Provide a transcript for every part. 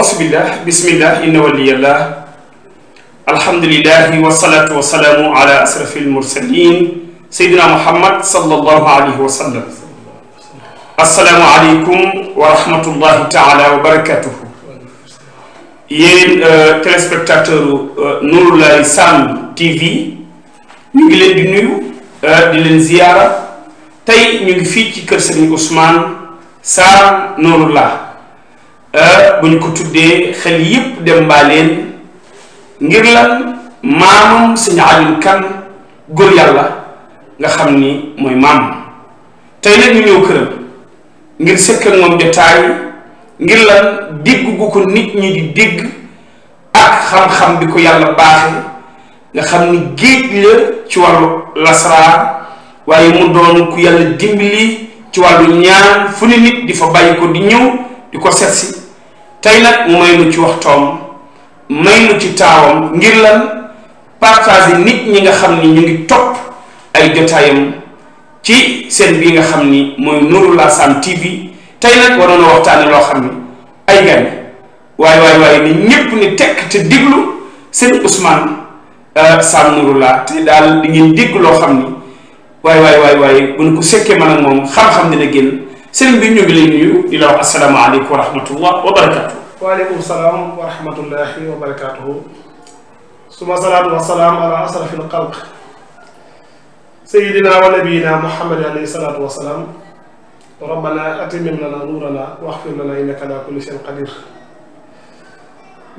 أعوذ بالله بسم الله إن ولي الله الحمد لله والصلاة والسلام على أشرف المرسلين سيدنا محمد صلى الله عليه وسلم السلام عليكم ورحمة الله تعالى وبركاته yéen آه، téléspectateur نور Sam TV ñu ngi leen di nuyu آه، di leen ziyaara tey ñu ngi fii ci Euh, buñ ko tuddee xel yépp dem mbaaleen ngir lan maamam sëñ alim kan gor yàlla nga xam ni mooy maam tey nag ñu ñëw këram ngir sëkk ak moom jotaay ngir lan dégg gu ko nit ñi di dégg ak xam-xam bi ko yàlla nga xam ni géej la ci wàllu lasraar waaye mu doon ku yàlla dimbali ci wàllu ñaan fu nit di fa bàyyi ko di ñëw di ko setsi tey nag mu may nu ci waxtoom may nu ci taawam ngir lan partager nit ñi nga xam ni ñu ngi topp ay jotaayam ci seen bii nga xam ni mooy Nourou Lassane TV tey nag waroon na waxtaane loo xam ni ay gan waaye waaye waaye te diglu seen Ousmane euh, Sam Nourou la te daal di ngeen dégg loo xam ni waaye waaye waaye waaye bu ñu ko sekkee man ak moom xam-xam dina génn sëriñ bi ñu ngi lay nuyu di wax asalaamaaleykum wa rahmatullah wa waaleykum salaam wa rahmatullahi wa barakaatuhu suma salaatu wa salaam ala asrafil xalq sayidina wa nabiyina muhammad alayhi salaatu wa salaam rabbana atimim lana nuurana waxfir lana innaka ala kulli shay'in qadir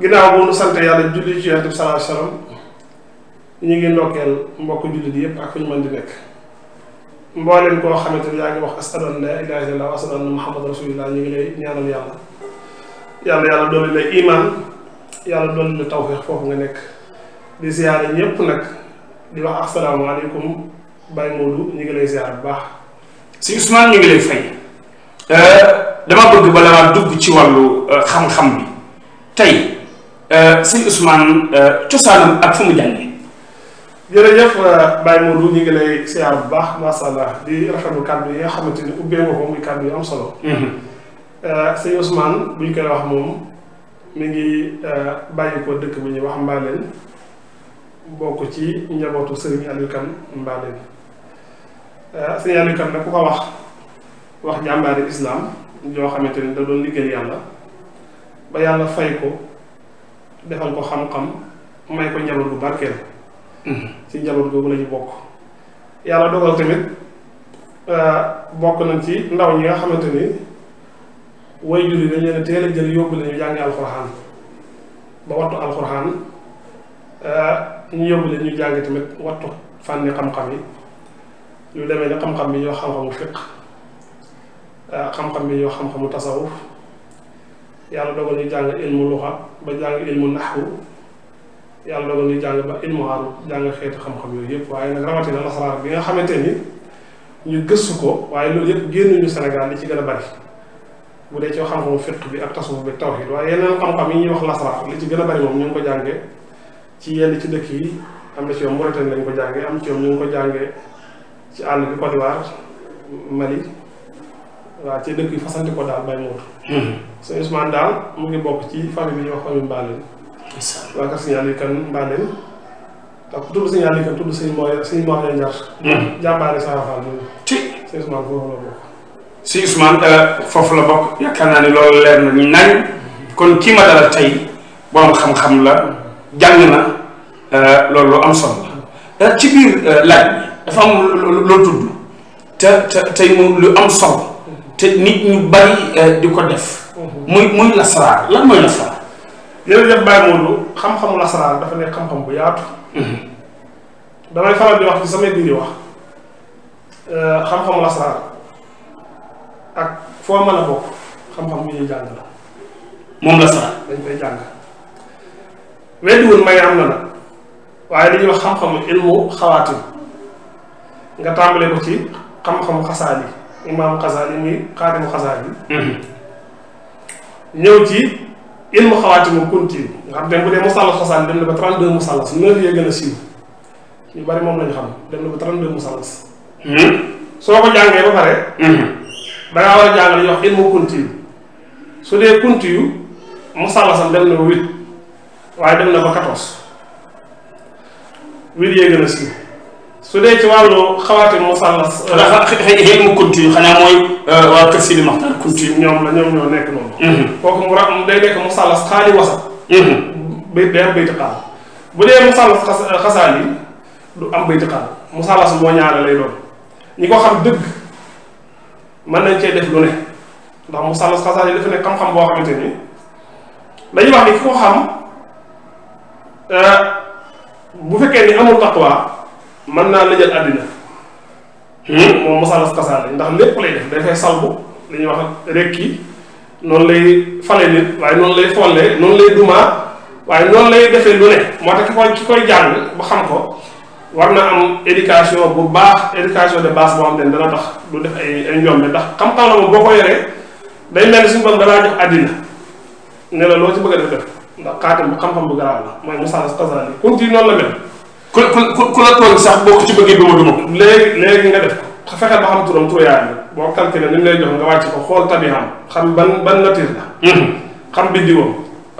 ginnaaw bu nu sant yàlla julli ci yonent bi sallallahu alayhi wa sallam ñu ngi ndokkeel mbokk jullit yëpp ak fu ñu mën di nekk mbooleem koo xamante ni yaa ngi wax ashadu an laa ilaaha illallaah wa ashadu anna muhammadan rasulullah ñu ngi lay ñaanal yàlla yàlla yàlla dolli la iman yàlla dolli taw tawfeex foofu nga nekk di ziyaare ñépp nag di wax asalaamaaleykum Baye Modou ñu ngi lay ziyaar bu baax si Ousmane ñu ngi lay fay euh, dama bëgg bala maa dugg ci wàllu euh, xam bi tey euh, sëñ Ousmane cosaanam ak fu mu jàngee jërëjëf Baye ñu ngi lay ziyaar bu baax macha allah di rafetlu kàddu yi nga xamante ni ubbee ko muy kàddu yu am solo mm-hmm. Euh, sëñ Ousmane bu koy wax moom mi ngi euh, bàyyi ko dëkk bu ñuy wax Mbaleen bokk ci njabootu sëriñ Aliou Kane Mbaleen euh, sëriñ Aliou Kane nag ku ko wax wax jàmbaari islam joo xamante ni da doon liggéey yàlla ba yàlla fay ko defal ko xam-xam may ko njaboot bu barkeel mm-hmm. ci njaboot googu la bokk yàlla dogal tamit bokk nañ ci ndaw ñi nga xamante ni ويجري لنا على جل يوم لنا يجاني القرآن بوضع القرآن يوم لنا يجاني تمت وضع فن قم قمي يوم لنا قم قمي يوم خم خم فق قم قمي يوم خم خم تصوف يا الله دعوني يجاني علم لغة بيجاني علم نحو يا الله دعوني يجاني علم عرب يجاني خير خم خم يجيب وين غرامتنا الله سبحانه وتعالى خمتني ñu ah, gëssu ko waaye loolu yëpp génnuñu sénégal li ci gën a bari bude ci xam-xamu fiqh bi ak tasawuf bi tawhid wa yeneen xam-xam yi ñuy wax lasraar li ci gëna bari mom ñu ko jàngé ci yenn ci dëkk yi am na ci yoom Mauritanie lañ ko jàngé am ci yoom ñu ko jàngé ci àll bi Côte d'Ivoire Mali wa ci dëkk yi fasante ko daal bay muur so Ousmane daal mu ngi bokk ci famille bi ñu wax famille Mbaalen wa ka signal yi kan Mbaalen ta ku tuddu signal yi kan tuddu sëñ mooy sëñ mooy njar jàmbaare Sara Fall moom sëñ Ousmane foofu si Ousmane foofu la bokk yaakaar naa ni loolu leen na ñu nañ kon kii ma dalal tey borom xam-xam la jàng na euh, loolu lu am solo la euh, ci biir euh, laaj bi dafa am loo tudd te te tey moom lu am solo te nit ñu bari di ko def. muy muy lasaraar lan mooy lasaraar. jërëjëf Baye Modou xam-xamu xam-xam bu yaatu. Mhm. damay faral di wax wax xam lasaraar. ak foo mën a bokk xam-xam bu ñuy jàng la moom la sax dañ koy jàng weddiwul may am na nag waaye li ñuy wax xam-xamu ilmu xawaatim nga tàmbale ko ci xam-xamu xasaali imaamu xasaali muy xasaan xasaali mm-hmm. ñëw ci ilmu xawaatimu kunti nga xam dem bu dee musalla xasaali dem na ba 32 musallas neuf yee gën a siiw ñu bari moom lañu xam dem na ba 32 musallas mm-hmm. soo ko jàngee ba pare mm-hmm. dangaa war a jàng li ñuy wax kunti yu su dee kunti yu musallasam dem na ba waaye dem na ba quatorze huit yee gën a siiw su dee ci wàllu xawaati musallas euh, ilmu kunti yu euh, ñoo nekk noonu mm-hmm. mu rab day nekk musallas xaali wasat mm-hmm. bayt day am bayti xaal bu dee musallas xasaal yi du am bayti xaal musallas moo ñaare lay doon ñi ko xam dëgg mën nañ cee def lu ne ndax mu sàll xasaar yi dafa nekk xam-xam boo xamante ni dañuy wax ni ki ko xam euh, bu fekkee ni amul taqwa mën naa la jël àddina hmm? moom mu sàll xasaar yi ndax lépp lay def dafay salbu li ñuy wax rekki noonu lay fale nit waaye noonu lay follee noonu lay dumaa waaye noonu lay defee lu ne moo tax ki koy ki koy jàng ba xam ko war na am éducation bu baax éducation de baax boo xam te dana tax du def ay ay njombe ndax xam-xam la moom boo ko yoree day mel ni suñu borom dalaa jox ci bëgg a def def ndax xaatim bu bu garaaw la mooy musaas tasaani kunti noonu la sax boo ko ci bëggee duma duma léegi léegi nga def ko fexe ba xam turam turu yaayam boo calculé ni mu lay jox nga ko xool tabiam xam ban ban nature la mm-hmm. xam biddiwam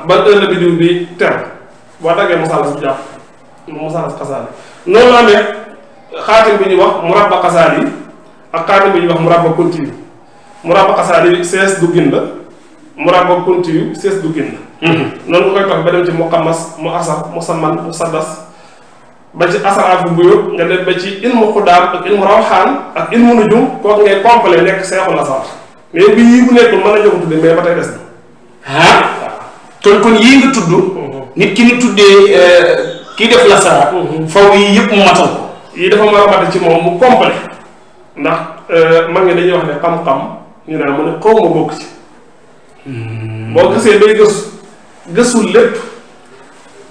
ban heure la biddiw bi teew boo daggee musaas bu jàpp musaas tasaani noonu amee xaatim bi ñuy wax murabba xasaal yi ak xaatim bi ñuy wax murabba continu murabba xasaal yi sees du gin la murabba continu sees du gin la mhm. noonu nga koy tax ba dem ci muqamas mu asar mu saman mu saddas ba ci asaraafu bu yóbbu nga dem ba ci ilmu xudaam ak ilmu rawxaan ak ilmu nujum kooku ngay complet nekk seexul asar mais bi yii bu nekkul mën na ñoo ko mais ba tey des na ah kon kon yii nga tudd mhm. nit ki ni tuddee euh, kii def la sara mhm. foofu yii yëpp ma matal ko yii dafa war a ci moom mu complet ndax euh, mag ngi dañuy wax ne xam-xam ñu naan mu ne xaw hmm. boo gisee bay gëstu lépp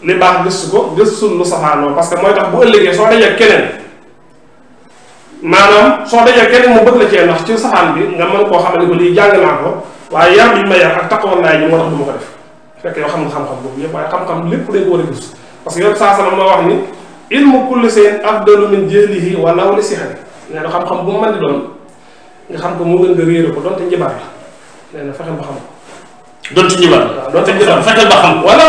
li baax gëstu ko gëstul lu safaanoo parce que mooy tax bu ëllëgee soo dajee keneen maanaam soo dajee mu bëgg la cee ndax ci safaan bi nga mën ko lii jàng naa ko waaye yar bi ma yar ak taxawoon naa yi moo tax du ma ko def fekk yoo xam nga xam-xam boobu yépp waaye xam-xam lépp dañ ko war a gëstu parce que yow saa salaam moo wax ni ilmu kulli seen afdalu min jahlihi wala wala sihari nee na xam-xam bu mu mën di doon nga xam ko moo gën nga réere ko donte njibaat la fexe ba xam ko. donte njibaat la waaw donte njibaat la fexe ba xam ko. wala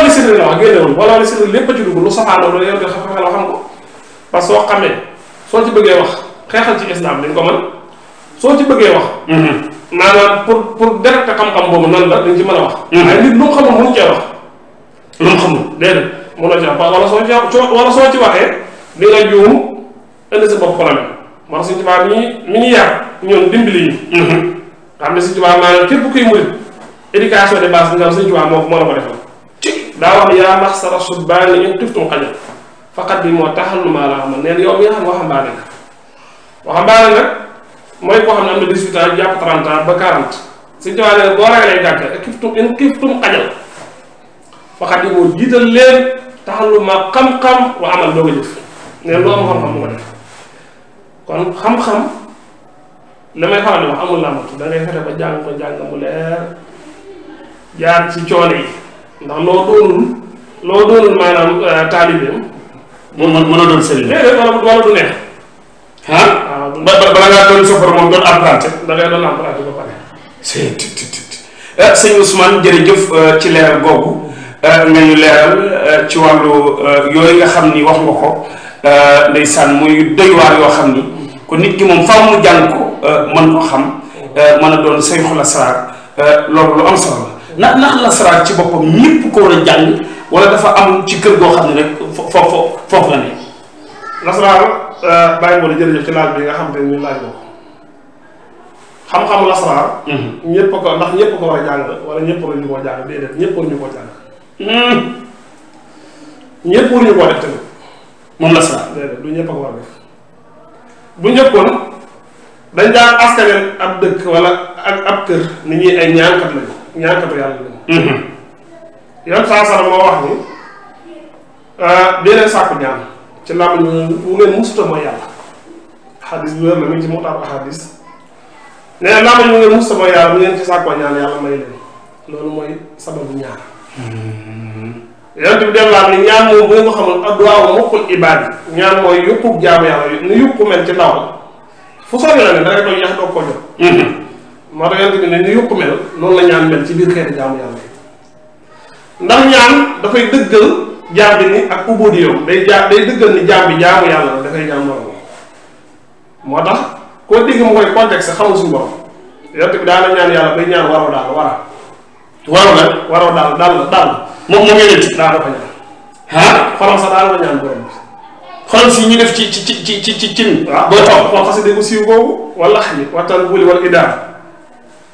wala sihari lépp a ci dugg lu xam ko parce que soo xamee soo ci bëggee wax xeexal ci islam dañ ko man soo ci bëggee wax. Mhm. maanaam pour pour direct xam-xam boobu nan la dañ ci mën a wax. Mhm. waaye nit lu mu xamul mënu wax. lu mu xamul déedéet mënoo ci am wala soo ci soo ci waxee di nga juum indi sa bopp problème moo tax suñu tubaab mi mi ñu yar ñoom dimbali yi nga xam ne suñu tubaab maanaam képp kuy murit éducation de base bi nga xam suñu tubaab moo moo la ko defal daa wax yaa maxsara subbaani in tiftum xaja faqat bi moo taxal maa la xamal neen yow mi nga xam waxambaane nga waxambaane nag mooy koo xam ne am na 18 ans jàpp 30 ans ba 40 suñu tubaab nee na boo ragalee gàcce tiftum in tiftum xajal taxalluma xam-xam wa amal dooga jëf ne lu am xam-xam mu def kon xam-xam la may xamal wax amul làmbatu yi ndax euh, a doon sëriñ déedéet wala wala du neex ah ba ba bala ngaa ci leer boobu Euh, nga ñu leeral euh, ci wàllu euh, yooyu nga xam ni wax nga ko ndeysaan muy doy yoo xam ni kon nit ki moom faaw mu jàng ko mën ko xam mën a doon sayxu lasraar loolu lu am solo la ndax ndax lasraar boppam wala dafa am ci goo xam ne rek foofu ne. lasraar ci laaj bi nga xam te ne laaj ko xam-xamu lasraar. Mhm. ñëpp ko ndax ñëpp ko war a jàng wala ñëpp war ñu koo jàng déedéet ñëpp war ñu koo jàng. Hmm. ñëpp waruñu koo def tamit moom la saa. déedéet du ñëpp a ko war def bu njëkkoon dañ daan askanel ab dëkk wala ak ab kër ni ñi ay ñaankat lañu ñaankatu yàlla lañu. yow saa sara moo ah, ci làmb ñu wu ngeen musuta mooy yàlla xadis bi wér la ci mu taab xadis na làmb ñu wu ngeen musuta mooy yàlla may leen loolu mooy sababu ñaar. Hmm. yonent bi delluwaat ni ñaan moom bu nga ko xamul adduwaaw muxul ibaad yi ñaan mooy yóbbu jaamu yàlla yi nu mel ci ndawam fu sori la ne da nga koy yàq doog koo jot. Mm-hmm. moo tax la ñaan ci biir ndax dafay dëggal jaam bi ni ak moo tax koo dégg mu koy contexte xamul suñu borom yonent bi daal la ñaan yàlla bay ñaan waroo daal wara waroo daal daal daal moom moom yonent bi daa ko bañal ah xolam sa daa ko bañal borom bi si ñu def ci ci ci ci ci cin boo toog xool xasi déggu siiw boobu wala xali waxtaan buli wala idaar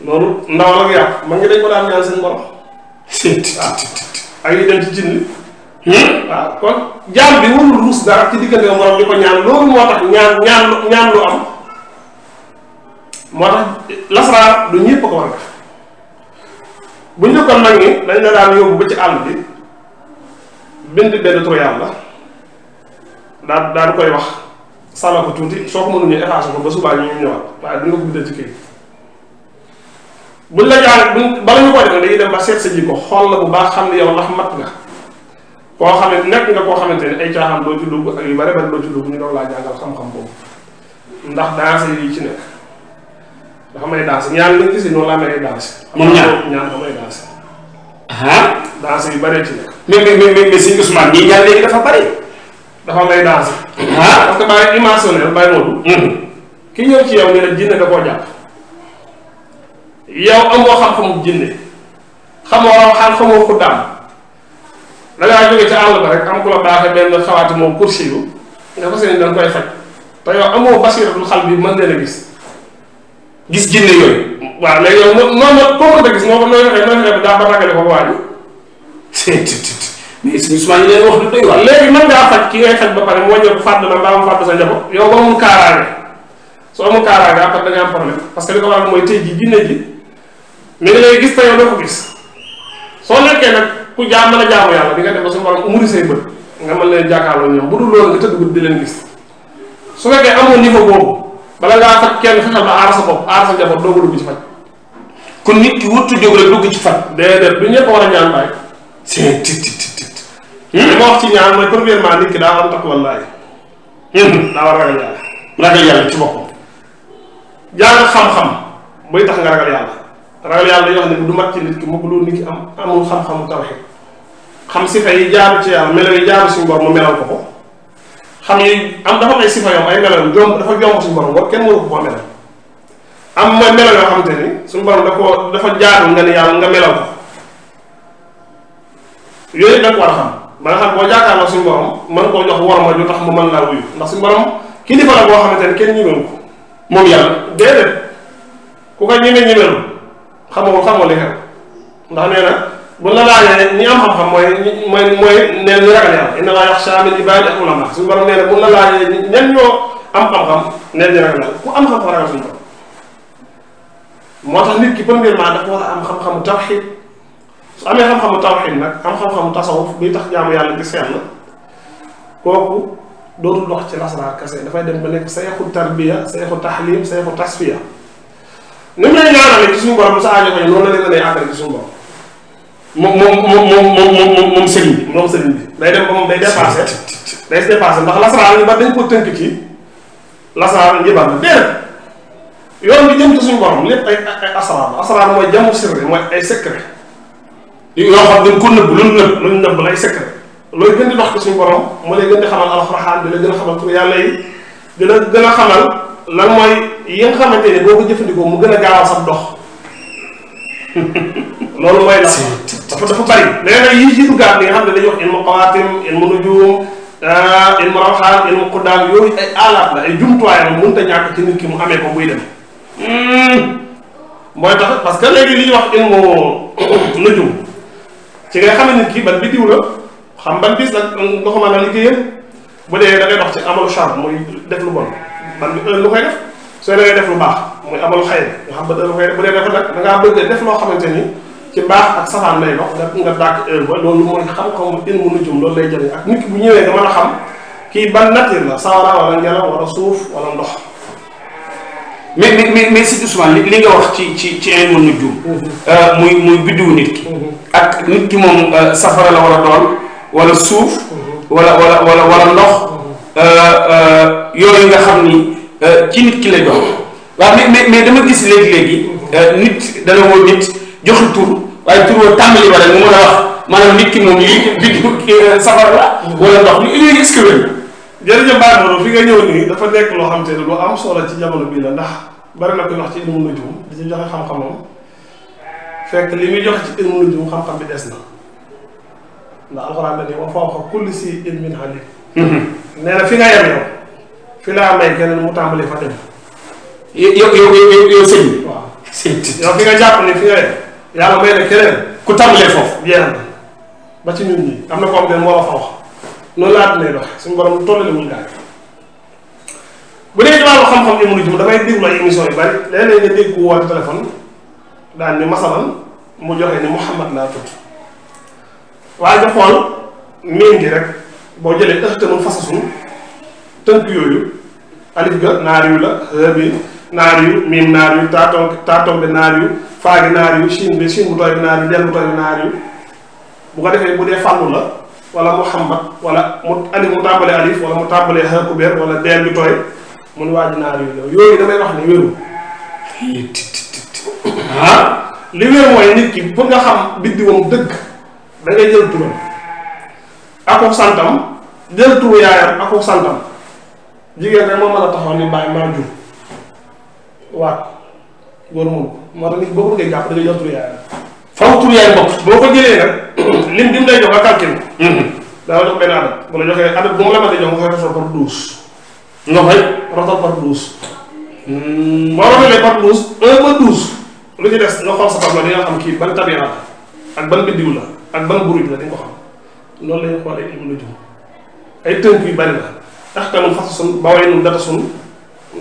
loolu ndaw ak yàpp ma ngi dañ ko daan ñaan seen borom waaw dem ci cin waaw kon jaam bi warul dara ci morom ñaan tax ñaan ñaan ñaan lu am du ko war def bu njëkkoon mag ñi dañ la daan yóbbu ba ci àll bi bind benn tur yàlla daal daal koy wax sàlla ko tuuti soo ko mënul ñu effacé ko ba subaa ñu ñëwaat waaye duñ ko guddal ci kii buñ la bala ñu ko def dañuy dem ba seet sa jikko xool la bu baax xam ne yow ndax mat nga koo xam ne nekk nga koo xamante ne ay caaxaan doo ci ak yu bare bare doo ci dugg ñu doon laa jàngal xam-xam boobu ndax daa sa yi ci nekk dafa may daas ñaan nga gis noonu laa may daas. moom ñaan ñaan dafa may daas. daas yu bare ci nag. mais mais mais mais sëñ Ousmane ñii ñaan léegi dafa bari. dafa may daas. parce que bàyyi émotionnel bàyyi loolu. ki ñëw ci yow ñu ne jinne da koo jàpp. yow amoo xam-xamu jinne xamoo xam xamoo ko da ci ba rek am la kursi yu nga fas yéene dañ koy faj te yow amoo basiratul xal bi mën gis. gis jinne yooyu waaw léegi yow noo noo koo ko da gis moo ko nooy fexee nooy fexee ba wax lu doy ki ngay faj ba pare mu wàññeeku fàdd sa njaboot yow boo mun soo amul kaaraange après da nga am problème parce que li ko waral mooy tey ji jinne ji mi ngi gis te soo nekkee nag ku jaam mën a jaamu yàlla di nga def ba suñu borom umuri say ñoom bu dul loolu nga tëdd guddi di leen gis su fekkee amoon niveau boobu bala ngaa faj kenn fexeel ba aar bopp aar njaboot doo ko dugg ci faj kon nit ki wuttu jóg dugg ci faj déedéet du ñëpp war a ñaan bàyyi c'est tit tit tit wax ci ñaan mooy premièrement nit ki daa war a takk wallaahi hmm. daa war a ragal yàlla ragal yàlla ci boppam jàng xam-xam buy tax nga ragal yàlla ragal yàlla du mat ci nit ki mukk lu nit ki am amul xam-xamu tawxiid xam si fa yi jaaru ci yàlla melo yi jaaru suñu bor mu melal ko ko xam ne am dafa am ay sifa yoom ay meloom joom dafa joom suñu borom kenn mënu ko koo melal am mooy melo xamante ni suñu borom da ko dafa yooyu da ko war a xam ba nga xam boo jaakaarloo suñu borom mën koo jox war ma ju tax mu mën laa wuyu ndax suñu borom kilifa la boo xamante ni kenn ñimewu ko moom yàlla déedéet ku ko ñime ñimelu xamoo xamoo li ndax nee na bu la laajee ñi am xam-xam mooy mooy mooy neen ñu ragal yàlla inna laa yaxsha min ibaadi ulama suñu borom nee na bu la laajee ñen ñoo am xam-xam neen ñu ragal yàlla ku am xam-xam ragal suñu borom moo tax nit ki premièrement dafa war a am xam-xamu tawxid su amee xam-xamu tawxid nag am xam-xamu tasawuf buy tax jaamu yàlla gi seet la kooku dootul dox ci lasraar kase dafay dem ba nekk sayxu tarbiya sayxu taxlim sayxu tasfiya ni mu lay ñaanale ci suñu borom sa aajo ko noonu la lay mënee àggale ci suñu borom moom moom moom moom moom sëriñ bi. moom sëriñ bi day dem ba moom day dépassé. day dépassé ndax lasaraan yi ba dañ ko tënk ci lasaraan yi ban déedéet yoon bi jëm ci suñu borom lépp ay ay asaraan asaraan mooy jamu sirri mooy ay secret yoo xam dañ ko nëbb lu ñu nëbb lu ñu nëbb lay secret looy gën di dox ci suñu borom moo lay gën di xamal alxuraan bi la gën a xamal tur yàlla yi dina gën a xamal lan mooy yi nga xamante ne boo ko jëfandikoo mu gën a gaaw a sax dox loolu mooy la. dafa dafa bari léeg-léeg yii jiitu gaat li nga xam ne dañuy wax ilmu xawaatim ah, ay alaat la ay jumtuwaay la ci nit ki mu amee ko hmm. mooy tax parce que léegi li ñuy wax ilmu nujum ci ngay xam ne nit ki ban biddiw la xam ban bis nag nga ko mën a bu dee da ngay dox ci amalu char muy def lu bon ban bi heure lu koy def sooy da ngay def lu baax muy amalu xayr nga xam ban heure def loo xamante ni ci mbaax ak safaan lay dox nga nga dàkk ba loolu mooy xam-xamu ilmu nujum loolu lay jëriñ ak nit ki bu ñëwee nga mën xam kii ban nature la sawara wala ngelaw wala suuf wala li wax ci ci ci nujum. Mm-hmm. Euh, muy muy biddiwu nit mm-hmm. ak nit ki moom euh, safara la war a doon wala suuf. Mm-hmm. wala wala wala wala ndox. Euh, yooyu nga xam ni ci nit ki lay doon. waaw mais mais dama gis léegi léegi. nit dana woo nit. joxul tur waaye tur woo tàmbali wala mu mën a wax maanaam nit ki moom lii biddu eh, safar la wala ndox mi lii est-ce que wér jërëjëf Baye Moro fi nga ñëw nii dafa nekk loo xam te ne lu am solo ci jamono bii la ndax bari na koy wax ci ilmu nujum di ci joxe xam-xamam fekk li muy joxe ci ilmu nujum xam-xam bi des na ndax alxuraan dañuy wa fawqa kulli si ilmin alim mhm. nee na fi nga yem yow fi laa may keneen mu tàmbali fa dem yow yow yow yow sëñ waaw sëñ fi nga jàpp ni fi nga yem yàlla may na keneen ku tàmbalee foofu jeex na ba ci ñun ñii am na koo xam ne moo la fa wax noonu laa dinay dox suñu borom tollale muñu daal bu dee ci wàllu xam-xam yi mu jëm damay déglu ay émission yu bari léeg-léeg nga dégg woote téléphone daal ni masalan mu joxe ni Mouhamad laa tudd waaye nga xool miin gi rek boo jëlee ëxte mun fasasun tënk yooyu alif ga naar yu la xëy bi naar yu miim naar yu taatom taatom bi naar yu faagi naar yu siin bi siin bu tooy naar yu leen bu tooy naar yu bu ko defee bu dee fàllu la wala muhammad wala mu alif mu tàmbalee alif wala mu tàmbalee ha kubéer wala deel bi tooy mun waa naar yu yooyu damay wax ne wéru ah li wér mooy nit ki pour nga xam biddiwam dëgg da ngay jël turam akub santam jël turu yaayam akub santam jigéen rek moo mën a taxaw ni mbaay maa jur góor moom moo tax nit boo ko bëggee jàpp da nga yor tur yaay faw tur yaay bopp boo ko jëlee lim bi mu lay jox nga calcul daa jox benn adat bu la joxee adat bu mu la mënee jox nga koy rafetlu par douze nga koy rafetlu par douze boo rafetlee par douze un ba douze lu ci des nga xool sa tableau di nga xam kii ban tabia la ak ban biddiw la ak ban buruj la di nga xam loolu la ñuy xoolee ilmu ay tënk yu bari la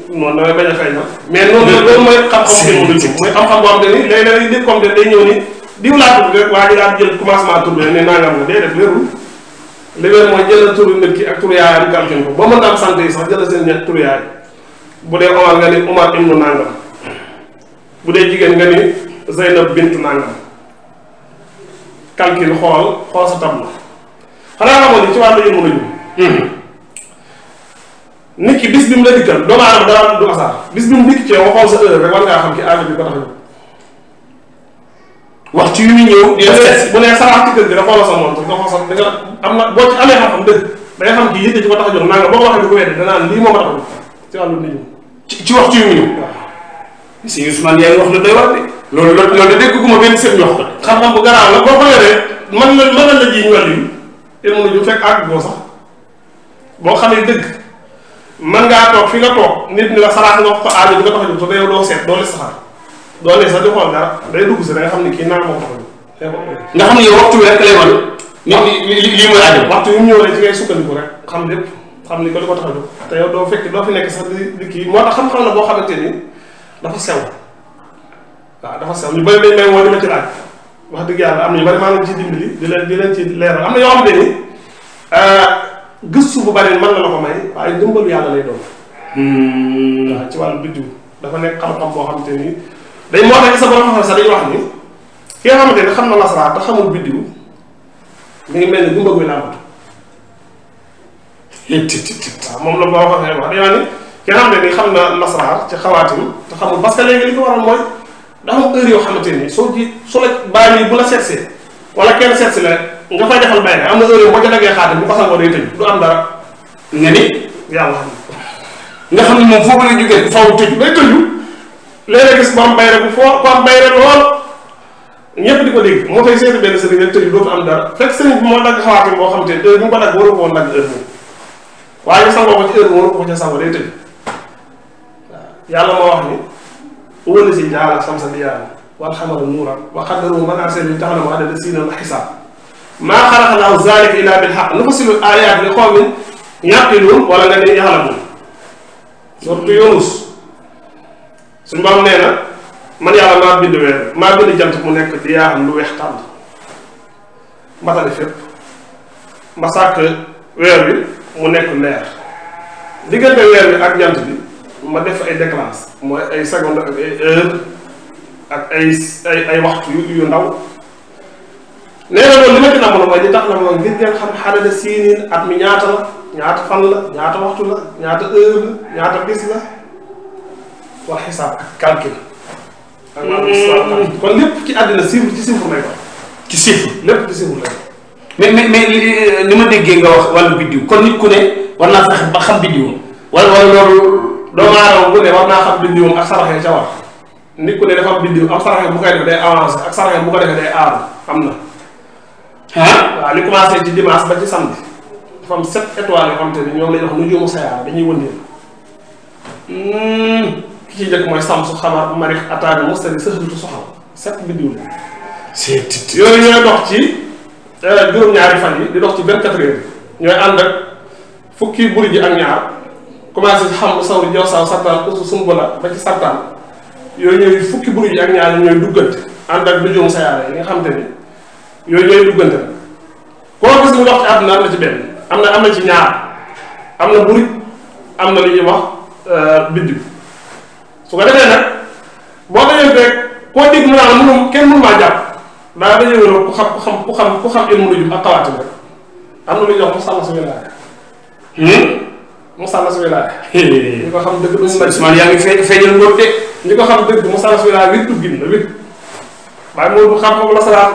non damay bañ a fay na mais noonu loolu mooy xam-xam bi moom la mooy xam ni léeg-léeg nit comme te ñëw ni diw laa tudd rek waa daal jël commencement tur bi ne nangam la ko ba mën am sant yi sax jëlal seen ñett turu yaay bu dee Omar nga ni Omar ibnu nangam bu dee jigéen nga ni Zeynab bintu nangam calcul xool xool sa tableau xanaa xamoon ni ci wàllu yëngu la ñu nit ki bis bi mu la dikkal doomu aadama dara du asaar bis bi mu dikk ci yow waxoon sa heure rek war ngaa xam ki aajo bi ko tax a ñëw waxtu yu ñëw. bu a a jóg ci wàllu yu ñëw. si Ousmane yaay wax lu doy war de. loolu loolu loolu de dégg ma benn sëñ wax ko. xam-xam bu garaaw la boo ko yoree mën na mën na la ji ñol yi te mënuñu fekk àgg boo sax boo xamee dëgg man ngaa toog fi nga toog nit ñi la sarax nga ko aajo bi nga tax a jóg te yow doo seet doo leen saxaar doo leen sax di xool dara xam ne kii naa moo ko nga xam ne yow waxtu rek lay wan. ñoom lii mooy ni ko li ko tax a jóg te yow doo fekk doo fi nekk sax di di kii moo tax xam-xam la boo xamante ni dafa sew waaw dafa sew ñu bëri dañ may woo wax dëgg yàlla am na ñu bëri maa ngi ci dimbali di leen di leen ci leeral am na yoo xam ne ni euh, gëstu bu bari man na la ko may waaye ndimbalu yàlla lay doon. Hmm. ci wàllu biddiw dafa nekk xam-xam boo xamante ni day moo tax sa xam sax dañuy wax ni ki xamante ni xam na lasaraar te xamul biddiw mi ngi mel ni gumba guy làmbatu. yéen tit tit tit moom la boo waxee xam na lasaraar ci xawaatim te xamul parce que léegi ko waral mooy dafa am yoo xamante ni soo ci su la bàyyi bu la seetsee. wala kenn set si la nga fay defal bay am na heure yoo boo ca daggee xaatim bu ko sangoo day tëj du am dara nga ni yàlla nga xam ne moom foo mën a jógee faaw tëju day tëju léeg ko am bay rek lool ñëpp di ko dégg moo fay seeti benn sëriñ rek tëju dara fekk sëriñ bi moo dagg xawaatim boo xam te heure bu mu ko dagg waru ko dagg heure boobu waaye sangoo ko ci heure waru ko ca sangoo day tëju yàlla moo wax ni wëla si jaala sam sa bi yàlla وارحمه نورا وقدره من عسير تعلم عدد السنين والحساب ما خلق الله ذلك الا بالحق نفصل الايات لقوم يعقلون ولا يعلمون سورة يونس سن بام نينا من يالا ما بيد وير ما بيد جانت مو نيك تي يا ام لو ويخ تان ما تا ديف ما ساك وير بي مو نيك نير ديغال وير بي اك ما ديف اي ديكلاس موي ak ay ay waxtu yu yu ndaw nee na loolu li ma gën a amoon mooy li tax na mooy ngir ngeen xam xadada siinin at mi ñaata la ñaata fan la ñaata waxtu la ñaata heure la ñaata bis la wala xisaab ak calcul. ak maanaam kon lépp ci àddina chiffre ci chiffre lay doon. ci chiffre lépp ci chiffre lay doon. mais mais mais li ma déggee nga wax wàllu biddiw kon nit ku ne war naa fexe ba xam biddiwam wala wala loolu doomu aadama bu ne war naa xam biddiwam ak saraxee ca wax. nit ku ne dafa am biddiw am saraxe bu koy def day avancé ak saraxe bu ko defee day aaru am na. ah waaw li commencé ci dimanche ba ci samedi dafa am sept étoiles yoo xam te ne ñoom lay wax nu juumu sayaar dañuy wëndeel. Hmm, ki ci njëkk mooy samsu xamar marix attaque mustari sëxlutu soxal sept biddiw la. c'est yooyu ñooy dox ci euh, juróom-ñaari fan yi di dox ci vingt quatre heures ñooy ànd ak fukki buri ji ak ñaar commencé ci xam sawri jow saw sartaan usu sumbula ba ci sartaan. yooyu ñooy fukki buruj yi ak ñaar ñooy duggante ànd ak dujum sayaare yi nga xam te ni yooyu ñooy duggante la koo gis ñu wax ci àdduna am na ci benn am na am na ci ñaar am na buruj am na lu ñuy wax euh, biddiw su ko defee nag boo dajee rek koo dégg mu naan mënum kenn mënu jàpp daa dajee wéro ku xam ku xam ku xam ku xam ilmu nujum ak xawaatim rek am na lu ñuy wax mu sàmm si wilaaya Moussa Nasrullah ñi ko xam dëgg du Ousmane yaa ngi fee feeñal ngóor de ko xam dëgg Moussa Nasrullah wéttu gin la wéttu waaye moo du xam-xam lasaraar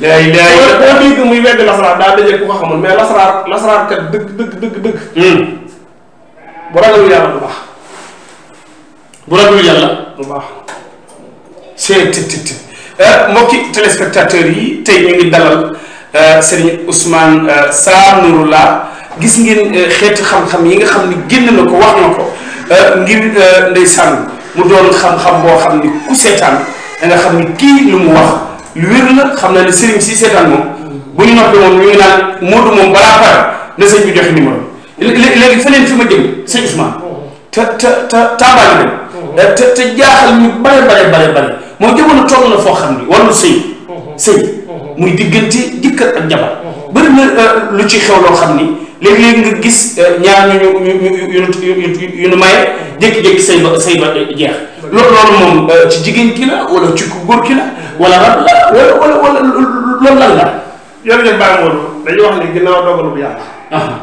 lay lay koo dégg muy wedd lasaraar daa dajee ku ko xamul mais lasaraar lasaraar kat dëgg dëgg dëgg dëgg bu ragal yàlla bu baax bu ragal yàlla bu baax c'est tit tit mbokki téléspectateurs yi tey ñu ngi dalal Serigne Ousmane gis ngeen euh, xeeti xam-xam yi nga xam ni génn na ko wax na ko euh, ngir euh, ndeysaan mu doon xam-xam boo xam ni ku seetaan da nga xam ni kii lu mu wax lu wér la xam naa ne sëriñ si seetaan moom bu ñu noppi moom ñu ngi naan Modou moom balaa pare na sëñ bi joxe numéro feneen fi ma jëm sëñ Ousmane te te te taabaani dem te te jaaxal ñu bare bare bare bare moom jamono na foo xam ni war na sëy sëy muy diggante jëkkër ak jabar bëri na euh, lu ci xew loo xam ni léeg-léeg nga gis euh, ñaar ñu ñu ñu ñu ñu ñu maye jékki-jékki say ba say ba jeex. loolu moom euh, ci jigéen ki la wala ci ku góor ki la wala lan la wala wala wala loolu lan la. jërëjëf Baye Modou dañuy wax ni ginnaaw dogalu bu yàlla. Ah.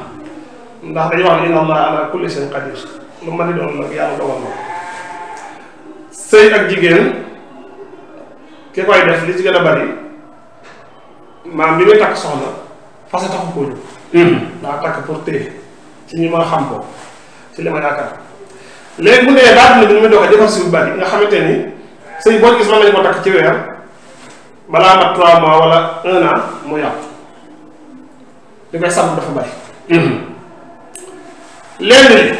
ndax dañuy wax ni inna allaha ala kulli shay'in qadir lu mën di doon nag yàlla dogal na sëy ak jigéen ki koy def li ci gën a bari maam bi muy takk soxna. parce que taxu koo jóg. Hmm. daa takk pour téye ci ñi ma xam ko ci li ma yaakaar léegi bu ne daa dund ni muy doxee defar si bu bari nga xamante ni sëy boo gis mën nañu ko takk ci weer balaa mat 3 mois wala 1 an mu yàqu li koy dafa bari. Hmm. léegi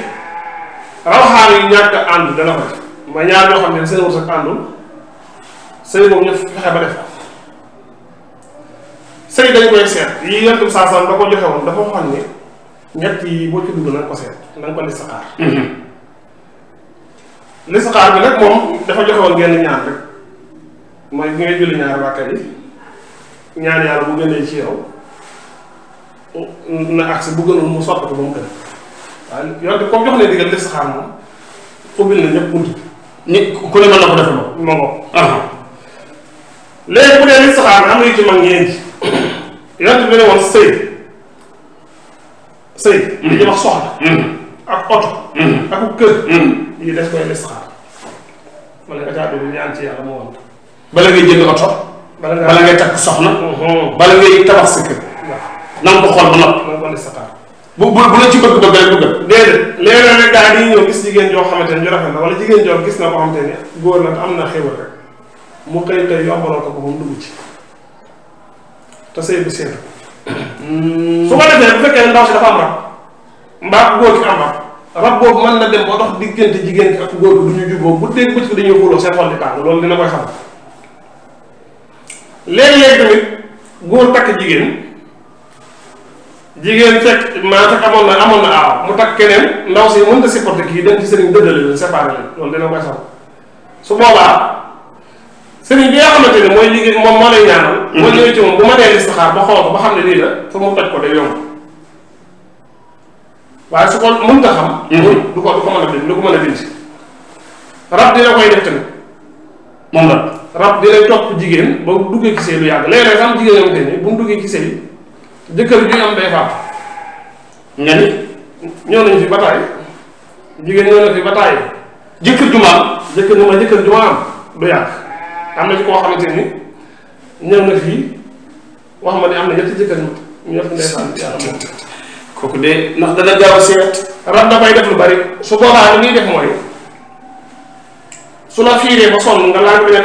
rawaxaan yu ñàkk ànd dana ko def mooy ñaar ñoo xam ne seen wërsëg àndul sëy boobu ñu fexe ba def. sëy dañ koy seet yi yonent bi saa saam da ko joxe woon dafa xool ne ñett yi boo ci dugg na ko seet na nga ko listixaar mhm. listixaar bi nag moom dafa joxe woon genn ñaar rek mooy bi ngay julli ñaar wàkka yi ñaan yàlla bu gënee ci yow na agsi bu gënul mu soppatu ba mu gën waaye yonent comme jox ne digal listixaar moom ubbil na ñëpp bunt ñi ku ne mën na ko def moom léegi bu dee listixaar am na yu ci mag ñeent yonent bi ne woon sëy sëy mm-hmm. li ñuy wax soxna mm-hmm. ak oto mm-hmm. aku kër yi des koy listixaar wala nga caa dugg ñaan ci yàlla moo woon bala ngay jënd oto bala ngay takk soxna bala ngay tabax sa kër na nga ko xool ba noppi na nga ko listixaar bu bu bu la ci bëgg bëgg rek bëgg déedéet léeg-léeg rek daa di ñëw gis jigéen joo xamante ne rafet na wala jigéen joo gis na ko xamante ne góor nag am na xéwal rek mu xëy tey yombalal ko ko moom dugg ci te sëy bi seetu. Hmm. su ko defee bu fekkee ndaw si dafa am rab mbaa góor gi am rab rab boobu mën na dem ba dox diggante jigéen ki ak góor gi du ñu juboo bu dégg bëccëg dañuy xuloo seen xol di tàng loolu dina koy xam léeg-léeg góor takk jigéen jigéen fekk maa fekk amoon na amoon na mu takk keneen ndaw si mënut a supporter kii dem ci sëriñ dëddale leen séparé leen loolu dina koy xam su boobaa. sëriñ bi nga xamante ne mooy liggéey moom moo lay ñaanal. moo mm-hmm. ñëwee ci moom bu ma dee listixaar ba xool ba xam ne lii la pour mu toj ko day yomb waaye su ko mën nga xam. Mm-hmm. a bind rab dina koy def jigéen ba bu duggee gisee lu yàgg léeg-léeg jigéen yoo xamante ne bu mu duggee gisee jëkkër bi am day nañu fi bataay jigéen ñoo na fi bataay jëkkër ju jëkkër ju am du yàgg. am na ci koo xamante ni ñëw na fii wax ma de am na ñetti jëkkër ñu ñëpp ndeysaan yàlla moom kooku de ndax dana gaaw a seet def lu bari su boobaa li ñuy def mooy su la fiiree ba sonn ñëpp dee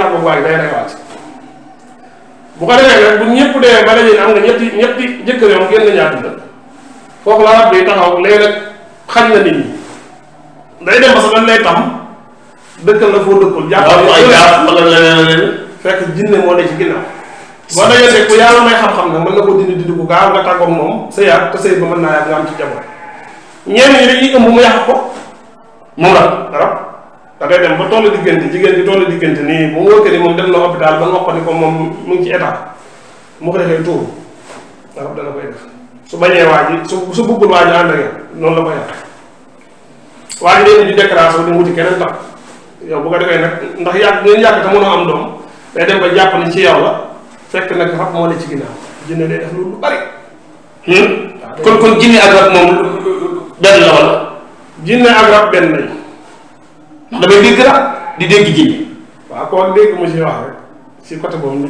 ba am nga ñetti ñetti jëkkër yoom génn la rab day taxaw léegi nag xañ na nit ñi day dem ba sa dañ lay tam dëkkal la foo dëkkul jàppal ay gaaf wala leneen fekk jinne moo ne ci ginnaaw boo dajee ku yàlla may xam-xam nag mën na ko dindi dindi bu gaaw nga tàggoog moom sëyaat te sëy ba mën naa yàgg nga am ci jamono ñenn ñi dañuy ëmb mu yàq ko moom la rab da ngay dem ba tollu diggante jigéen ji tollu diggante nii bu mu wëkkati moom dem na hôpital ba nga ko ni mu ci état mu ko defee tuur rab dana koy def su bañee waa su su buggul waa ak noonu la koy yàq waa leen di déclaration di wuti keneen tax yow bu ko defee nag ndax yàgg ngeen yàgg te mënoo am doom day dem ba jàpp ni ci yow la fekk nag rab moo hmm? la wala. jinne ak rab benn lañ. damay dégg rab di dégg jinne. waaw koo dégg mu ci wax rek ci côté boobu ni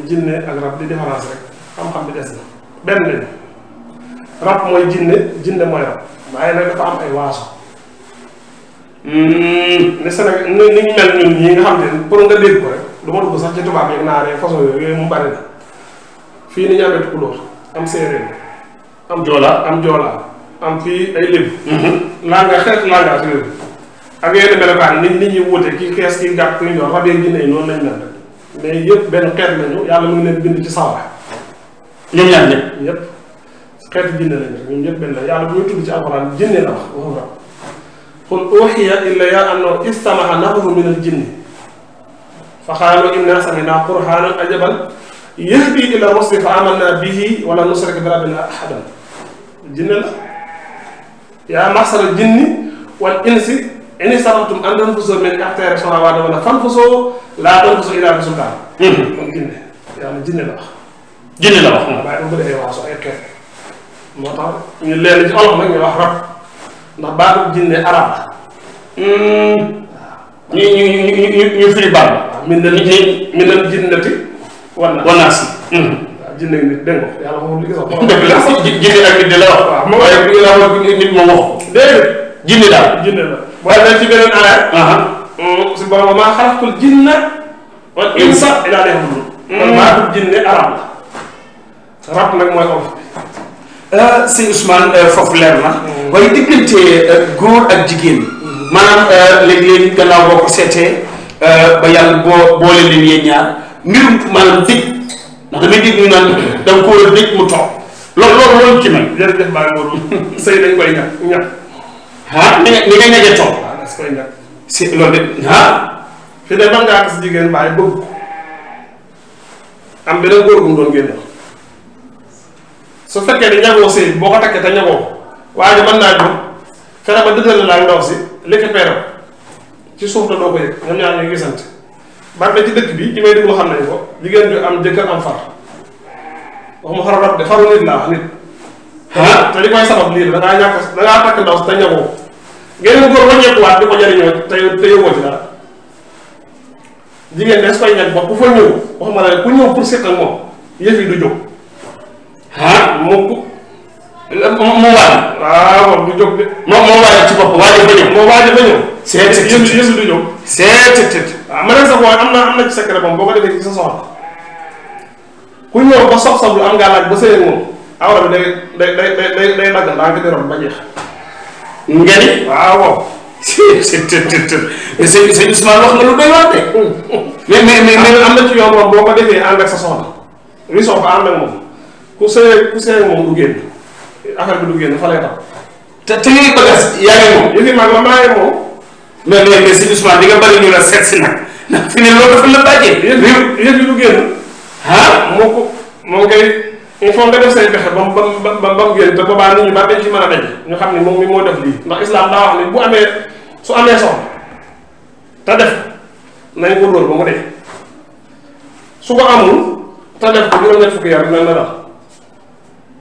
mooy jinne jinne mooy rab waaye nag dafa am ay waaso. ne hmm. Sénégal ni ni ñu mel ñun ñii nga xam ne pour nga dégg ko rek du dugg sax ci tubaab yeeg naar fii ni ñu amee tukulóor am séeréer am joolaa am fii ay léb. Hmm. langage xeet langage yooyu ak yenn melokaan nit nit ñi wuute kii xees kii gàtt kii ñor rabee jinne yi noonu lañ mel rek mais yëpp benn xeet lañu yàlla mu ngi leen bind ci sawara. ñoom ñaar ñëpp. yëpp xeetu yàlla bu ñu tudd ci alxuraan jinne la wax waxu قل أوحي إلي أنه استمع نبه من الجن فقالوا إنا سمعنا قرآنا عجبا يهدي إلى الرشد فآمنا به ولا نشرك بربنا أحدا الجن لا يا معشر الجن والإنس إن استطعتم أن تنفسوا من تحت رسول الله تنفسوا لا تنفسوا إلا بسلطان الجن يعني الجن لا جن لا بعد ما بدأ يوعى صحيح كيف ما تعرف من الليل الله ما يوحى ndax baatu jinne arab hmm. ñu ñu ñu ñu ñu firi baal min na min na jinne ak nit dégg jinne nit di la wax waaw nit moom wax ko jinne daal jinne la waaye dañ ci beneen aaya uh-huh. hmm. si boobu maa xalaqtul jinna wal insa illa liya'budun hmm. kon maa jinne arab rab nag mooy of Euh, sëñ Ousmane euh, foofu leer na. Mm. waaye diggante euh, góor ak jigéen. Mm-hmm. maanaam léeg-léeg gannaaw boo ko seetee ba yàlla boo boole leen yéen ñaar mbirum maanaam dëj damay dégg ñu naan da nga ko war a dëj mu toog loolu loolu loolu ci nag. jërëjëf Baye nga ni ah, bàyyi bëgg am beneen góor mu doon génne. su fekkee ni ñagoo sëy boo ko takkee te ñagoo waaye man naa jóg fexe ba dëgëral laa ndaw si lekk peeram ci suuf la doo ko yëg ñoom ñaar ñu gisante bari na ci dëkk bi ci may déglu xam nañ ko jigéen bi am jëkkër am far waxuma xaral rab de faru nit laa wax nit ah, te li koy sabab lii da ngaa ñàkk da takk ndaw si te ñagoo génn di ko jariñoo te te yóbboo ci dara jigéen des koy ñag ba ku fa ñëw waxuma la ku ñëw pour séq ak moom yëf yi du jóg ah moo moo moo waaj. a du jóg de. moo moo waajal ci bopp waajal ba ñëw. moo waajal ba ñëw. seet seet yëngu yëngu du ñëw. seet seet seet. waaw ma ne sax am na am na ci boobu ko defee ci sa soxla ku ñëw ba sox soxlu am ngaa laaj ba sëyeeg moom awra bi day day day day ah, seet seet seet seet sëñ Ousmane wax na lu doy waar de. Hmm. mais mais ah, mais am na ci yoon boo ko defee ànd ak sa soxla. wi sox ko moom. ku sey ku sey mom du genn affaire bi du genn ya ngi mom yëfi mag ma maay mom mais di nga bari ñu la set si nag ndax fi ne loolu dafa la bàjjee yëf yëf du génn ah moo ko moo koy il faut nga def say pexe ba ba ba ba ba génn islam daa wax ne bu amee su amee soxla te def nañ ko lool ba mu dee su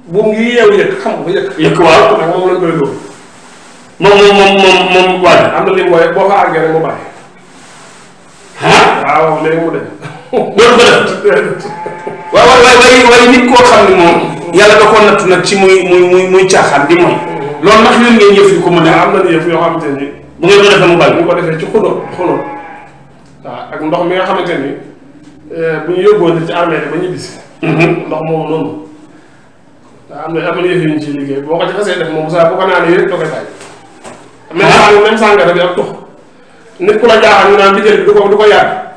buum yi yeewu yëkk xam nga yëkk. yëkk waaw ndax moom lañ koy dóor. moom moom moom moom waaye. am na li mu booyee boo fa àggee rek mu bàyyi. ah waaw léegi mu dem. loolu ba def. waaw waaye waaye waaye nit koo xam ne moom. yàlla da koo natt nag ci muy muy muy muy caaxaan di moom. Mm-hmm. loolu ndax yéen ngeen yëf yu ko mën a. am na yëf yoo xamante ne. bu ngeen ko defee mu bàyyi. bu ñu ko defee ci xunóom xunóom. waaw ak ndox mi nga xamante ni eh, bu ñu yóbboo nit ci armée ba ñu bis. Mm-hmm. ndox moomu noonu. waaw am na am na yëf yu ñu ciy liggéey boo ko ci xasee def moom saa bu ko naanee rek da koy bàyyi. même sang même sàngara bi ak tux nit ku la jaaxal ñu naan liggéey bi du ko du ko yàgg.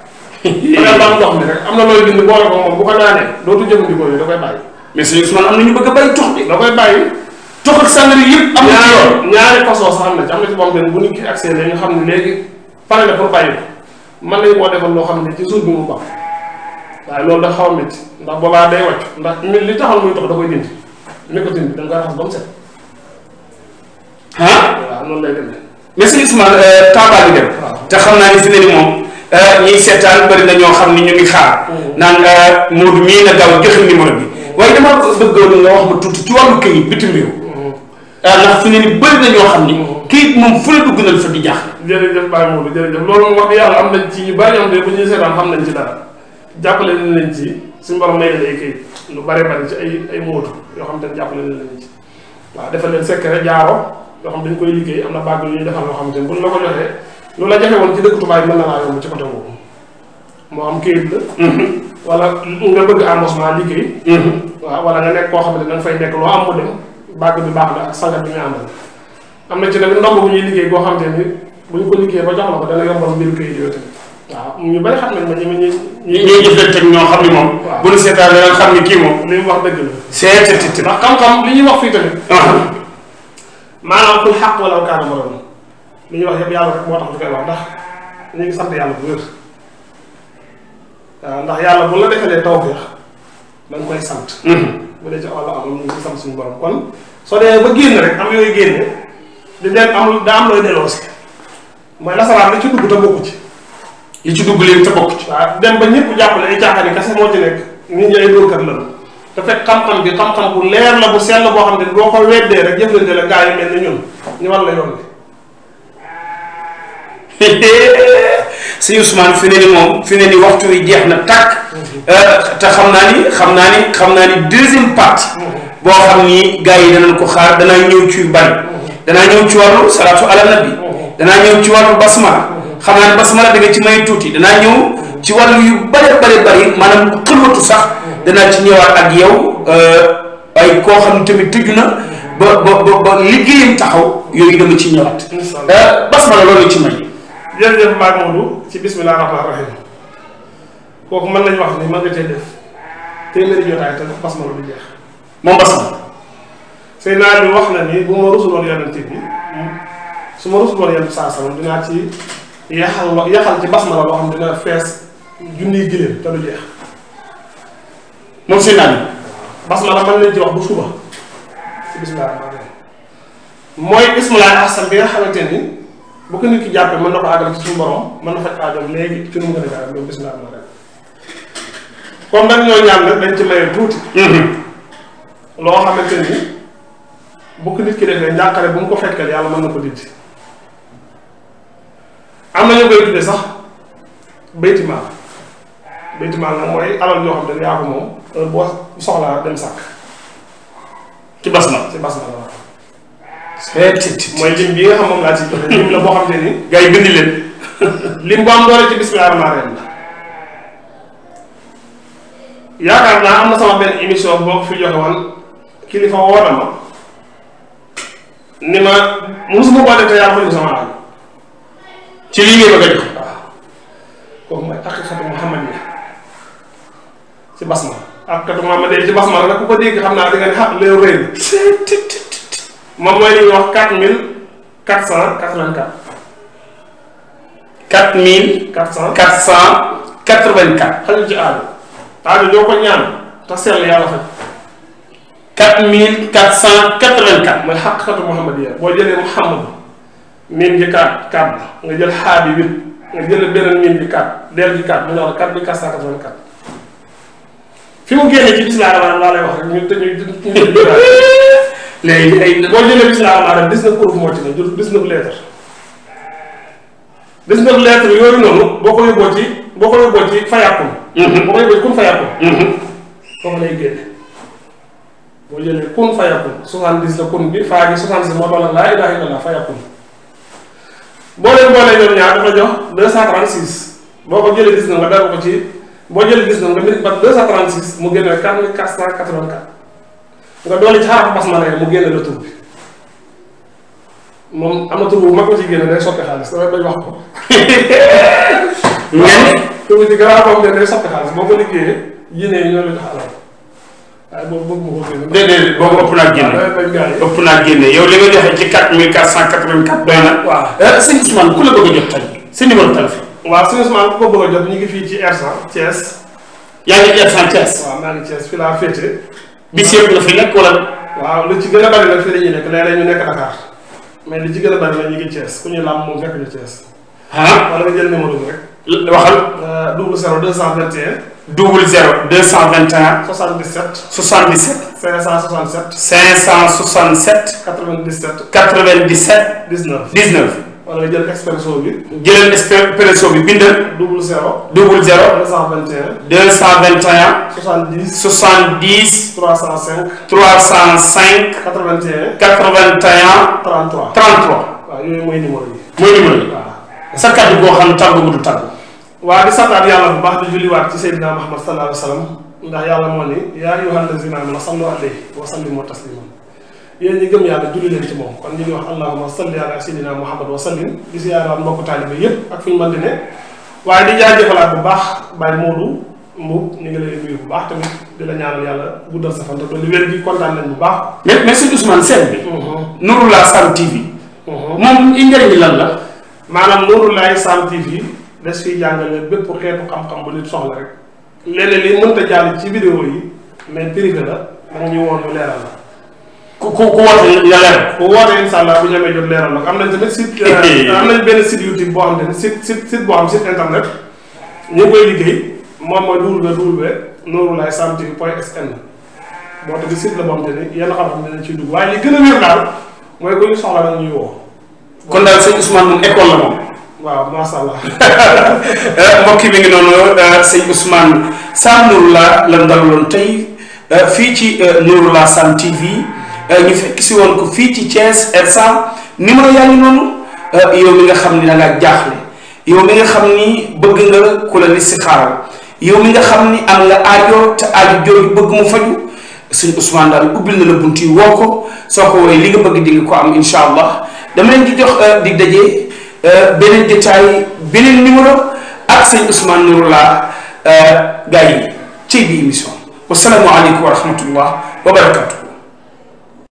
da nga am ndox mi rek am na looy bind boole ko moom bu ko naanee dootu jëfandikoo yooyu da koy bàyyi. mais suñu Ousmane am na ñu bëgg a bàyyi tux bi. da koy bàyyi. tux ak sàngara yëpp am na ci yoon ñaari façon sax am na ci am na ci boo xam ne bu nit ki accès la ñu xam ne léegi pare na pour bàyyi ko mën nañu koo defal loo xam ne ci suuf bi mu baax waaye loolu da xaw a métti ndax boobaa day wàcc ndax li taxal muy tox da koy dindi nicotine bi da nga koy ba mu set. ah waaw noonu lay demee. mais sëñ Ousmane taabaa bi dem. te xam naa ni fi ne ni moom ñiy seetaan bëri na ñoo xam ni ñu ngi mmh. euh, na daw joxe numéro bi. Mmh. waaye dama bëggoon mmh. na ñoo moom fu la dugg na la fa di jaax. jërëjëf Baye Modou loolu moom wax dëgg yàlla am nañ ci ñu bari am de bu ñuy nañ ci dara jàppale nañ ci suñu borom may ay lu bare bari ci ay ay mootu yoo xam te ne jàpp leen lañ ci waaw defal leen secret jaaro yoo xam dañ koy liggéey am na bàgg lu ñuy defal loo xam te ne buñ la ko joxee lu la jafe woon ci dëkk tubaab yi mën na laa yomb ci côté boobu moo am kayit la mm-hmm. wala nga bëgg arrangement liggéey mm-hmm. waaw wala nga nekk koo xam ne danga fay nekk loo am mu dem bàgg bi baax na ak sangat bi na àndal am na ci nag ndomb bu ñuy liggéey boo xam te ni bu ñu ko liggéey ba jox la ko dana yombal mbiru kayit yooyu tamit waaw ñu bëri xam nañ ma ñoom ñooy. ñooy jëflanteeg ñoo xam ne moom. waaw bu ñu seetaan xam ne kii moom. li mu wax dëgg la. seet ndax xam-xam li ñuy wax fii tamit. Ah. maanaam kul xaq wala kaana ñuy wax yëpp yàlla moo tax ñu koy wax ndax ñu yàlla bu wér ndax yàlla bu la defalee tawfeex da koy sant. Hmm. bu dee ci wàllu amul ñu ngi sant suñu borom kon soo dee ba génn rek am yooyu génne di dem amul daa am looy delloosi mooy nasaraan la ci dugg te bokku ci. yi ci dugg léegi te ci. dem ba ñëpp jàppale ay caaxaan kese moo ci nekk nit ñi ay dóorkat la te fekk xam-xam bi xam-xam bu leer la bu sell boo xam ne boo ko weddee rek jëflante la gaa yi mel ni ñun ñu war la yoon bi. si Ousmane fi ne moom fi ne ni waxtu wi jeex na tàkk. Mm-hmm. Euh, te xam naa ni xam naa ni xam naa ni deuxième partie. Mm-hmm. boo xam ni gaa yi danañ ko xaar danaa ñëw ci yu bari. Mm-hmm. danaa ñëw ci wàllu salaatu ala nabi. danaa ñëw ci wàllu basma. xam ba sama la da ci may tuuti dana ñew ci walu yu bari bari bari manam xëlwatu sax dana ci ñëwaat ak eh, yow ay ko xam tamit tëju ba ba ba ba liggey taxaw yoy dama ci ñewat euh basma la lolu ci may jërëjëf ma Modou ci bismillah rahman rahim kooku man lañ wax ni ma nga te def téeméeri jotaay te bas ma jeex mom basma ma bi wax na ni bu ma rusuloon yonent bi suma rusul rusuloon yonent saa ci yaxal wa yaxal ci bas na la boo xam dina fees junniy giléem te du jeex moom si naan bas na la mën nañ ci wax bu suba si bismillah rahmaan rahim mooy ismulaay ahsan bi nga xamante ni bu ko nit ki jàppee mën na ko àggal ci suñu borom mën na faj aajoom léegi ci nu mu gën a ñoo ñaan nag dañ ci maye tuuti mhm. loo xamante ni bu ko nit ki defee njàqare bu mu ko fekkal yàlla mën na ko dindi am na ñu koy sax bayti maal bayti maal nag mooy alal yoo xam ne yaa ko moom boo soxlaa dem sàkk ci bas na ci bas na la eh, mooy lim bi nga xam moom laa ci joxe lim la boo xam am doole ci bismillah rahmaan rahim la yaakaar naa am na sama benn émission boo fi joxe woon kilifa woo na ni ma mosuma boole te yaa ko ni sama alal ci li ngeen bëgg kooku mooy muhammad ya ci basma ak muhammad ci basma nag ku ko dégg xam naa da nga ne xaq moom mooy li ñuy wax quatre mille quatre cent quatre vingt quatre quatre mille quatre cent quatre cent quatre vingt quatre ci aadu aadu ko ñaan te sell yàlla quatre mooy muhammad ya boo jëlee muhammad miim ji kaat kaat la nga jël xaa bi huit nga jël beneen miim ji kaat deel ji kaat mu ne wax kaat bi quatre cent quatre-vingt-quatre fi mu génne ci bisimilah laa lay wax rek ñun te ñuy léegi ay boo jëlee bisimilah maanaam dix-neuf huruf moo ci ne jur dix-neuf lettres dix-neuf lettres yooyu noonu boo ko yóbboo ci boo ko yóbboo ci fayakun. Mhm. boo ko yóbboo ci kun fayakun. Mhm. foofu lay génne boo jëlee kun fayakun soixante-dix la kun bi faa gi soixante-six moo doon la laa ilaaha illallaah fayakun. boleh boleh boolee ñoom ñaar dafa jox 236 boo ko jëlee gis na nga dara ko ci boo jëlee gis na nga mbir ba 236 mu génne 4484 nga doole ci xaraf basmala yi mu génne la tur bi moom am na tur bu mag ko ci génne day soppi xaalis damay bañ wax ko. ngeen tur bi ci garaafam day ko la waaye ah, boobu bëgg nga ko génne. boobu ëpp naa génne ah, ëpp naa génne yow li nga joxe ci 4484 doy na. waaw eh, sëñ Ousmane ku la bëgg a jot tamit sa ku ko bëgg a jot ñu ngi fii ci R100 Thiès. yaa ngi ci R100 Thiès. la fi nekk wala. waaw lu ci gën a bari nag fii nekk léeg-léeg nekk Dakar mais li ci gën a bari nag ñu ngi Thiès ku ñu làmb moom fekk ñu Thiès. ah wala nga jël numéro bi rek. waxal. Euh, double zéro deux cent vingt double zéro deux cent vingt et un. soixante dix sept. soixante dix sept. cinq cent soixante sept. quatre vingt dix sept. quatre vingt dix sept. dix neuf dix neuf. wala jël expresso bi. jëlal expresso bi bindal. double zéro. double zéro. deux cent vingt un. deux cent vingt et un. soixante dix. soixante dix. trois cent cinq. trois cent cinq. quatre vingt et un. quatre vingt et un. trois. trente trois. mooy numéro yi. mooy numéro yi. waaw sa kàddu goo xam tàggu bu du tàggu. waa di santaat yàlla bu baax di julliwaat ci Seydina Muhammad sallallahu alayhi ndax yàlla moo ni yaa ayyuhal lazina aamanu sallu alayhi wa sallimu taslima yéen ñi gëm yàlla julli leen ci moom kon ñu ngi wax allahumma salli ala Seydina Muhammad wa sallim di ziyaaraat mbokk taalibe yëpp ak fu ñu mën di ne waaye di jaajëfalaat bu baax Baye Modou Mbow ñu ngi lay nuyu bu baax tamit di la ñaanal yàlla guddal sa fan te dolli wér kontaan nañ bu baax. mais mais sëñ Ousmane seen bi. Mhm. Nouroullahi Sam mhm. TV. moom i njëriñ lan la. des fiy jàngale bépp xeetu xam-xam bu nit soxla rek léeg-léeg li mënta jàll ci vidéo yi mais privé la da nga ñu woon ñu leeral la. ku ku ku woote nga leeral. ku woote incha allah bu ñu amee jot leeral la am nañ tamit site. Euh, am nañ benn site boo xam te ne site site site boo xam site internet ñu ngi koy liggéey moom mooy www.nouroulahislamtv.sn boo tamit site la boo xam te ne yenn ci dugg waaye li gën a wér daal mooy ku soxla rek ñuy woo. kon daal sëñ Ousmane moom école la moom. waaw macha allah eh, mbokk mi ngi noonu eh, sëñ Ousmane Sam Nouroullahi lan dalaloon tey eh, fii ci Nouroullahi Sam TV ñu fekk si woon ko fii ci Thiès R100 numéro yaa ngi noonu yow mi nga xam ni da ngaa jaaxle yow mi nga xam ni bëgg nga ku la li si xaaral yow mi nga xam ni am nga aajo te aajo jooju bëgg mu faju sëñ Ousmane daal ubbil na la yi woo ko soo ko woowee li nga bëgg di ko am incha allah dama leen di jox dig daje. beneen détail beneen numéro ak sëñ Ousmane Nouroullah euh, gars yi ci bi émission wasalaamualeykum wa rahmatullah wa barakatu